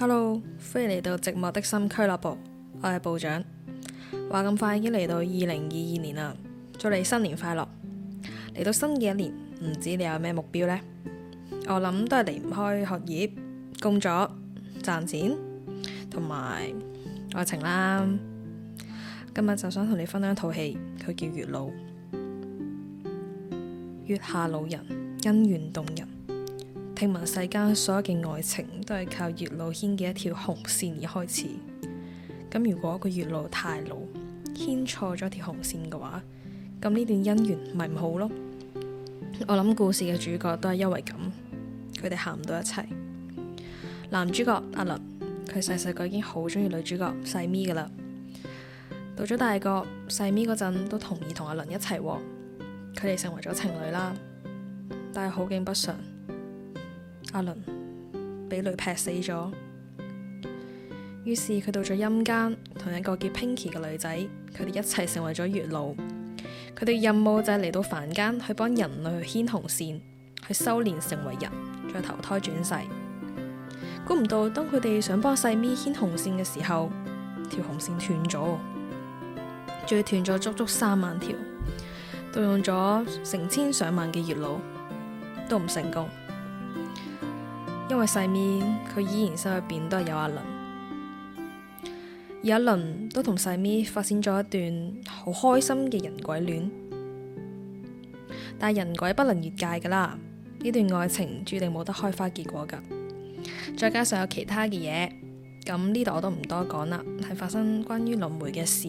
Hello，歡迎嚟到寂寞的心俱樂部，我係部長。話咁快已經嚟到二零二二年啦，祝你新年快樂！嚟到新嘅一年，唔知你有咩目標呢？我諗都係離唔開學業、工作、賺錢同埋愛情啦。今日就想同你分享一套戲，佢叫《月老》，月下老人，恩怨動人。聽聞世間所有嘅愛情都係靠月老牽嘅一條紅線而開始。咁如果個月老太老，牽錯咗條紅線嘅話，咁呢段姻緣咪唔好咯？我諗故事嘅主角都係因為咁，佢哋行唔到一齊。男主角阿倫，佢細細個已經好中意女主角細咪㗎喇。到咗大個，細咪嗰陣都同意同阿倫一齊，哦，佢哋成為咗情侶啦。但係好景不常。阿倫俾雷劈死咗，於是佢到咗陰間，同一個叫 Pinky 嘅女仔，佢哋一齊成為咗月老，佢哋任務就係嚟到凡間去幫人類牽紅線，去修煉成為人，再投胎轉世。估唔到，當佢哋想幫細咪牽紅線嘅時候，條紅線斷咗，仲要斷咗足足三萬條，動用咗成千上萬嘅月老，都唔成功。因為細咪佢依然心入邊都係有阿倫，而阿倫都同細咪發展咗一段好開心嘅人鬼戀，但係人鬼不能越界噶啦，呢段愛情注定冇得開花結果噶再加上有其他嘅嘢，咁呢度我都唔多講啦，係發生關於輪迴嘅事。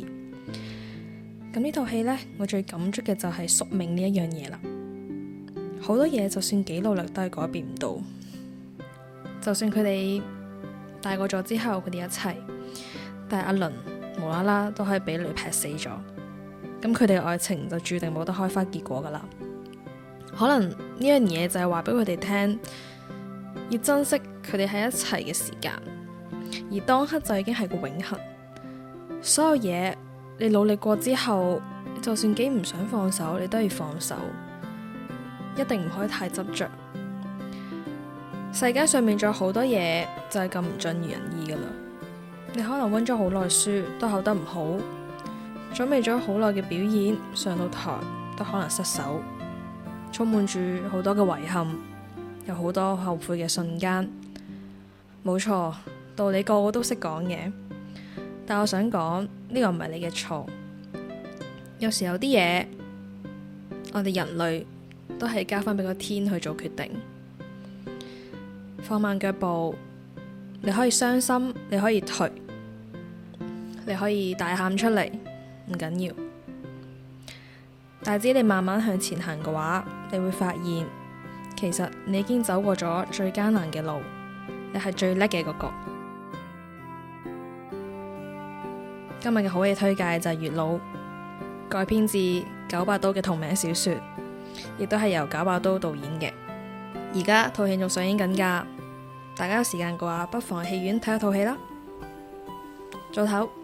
咁呢套戲呢，我最感觸嘅就係宿命呢一樣嘢啦。好多嘢就算幾努力都係改變唔到。就算佢哋大個咗之後，佢哋一齊，但係阿倫無啦啦都可以俾雷劈死咗，咁佢哋嘅愛情就注定冇得開花結果噶啦。可能呢樣嘢就係話畀佢哋聽，要珍惜佢哋喺一齊嘅時間，而當刻就已經係個永恆。所有嘢你努力過之後，就算幾唔想放手，你都要放手，一定唔可以太執着。世界上面仲有好多嘢就係咁唔盡如人意㗎啦！你可能溫咗好耐書都考得唔好，準備咗好耐嘅表演上到台都可能失手，充滿住好多嘅遺憾，有好多後悔嘅瞬間。冇錯，道理個個都識講嘅，但我想講呢個唔係你嘅錯。有時有啲嘢，我哋人類都係交翻俾個天去做決定。放慢腳步，你可以傷心，你可以退，你可以大喊出嚟，唔緊要。但係你慢慢向前行嘅話，你會發現，其實你已經走過咗最艱難嘅路，你係最叻嘅嗰個。今日嘅好嘢推介就係《月老》，改編自九把刀嘅同名小說，亦都係由九把刀導演嘅，而家套戲仲上映緊噶。大家有時間嘅話，不妨去戲院睇一套戲啦。早唞。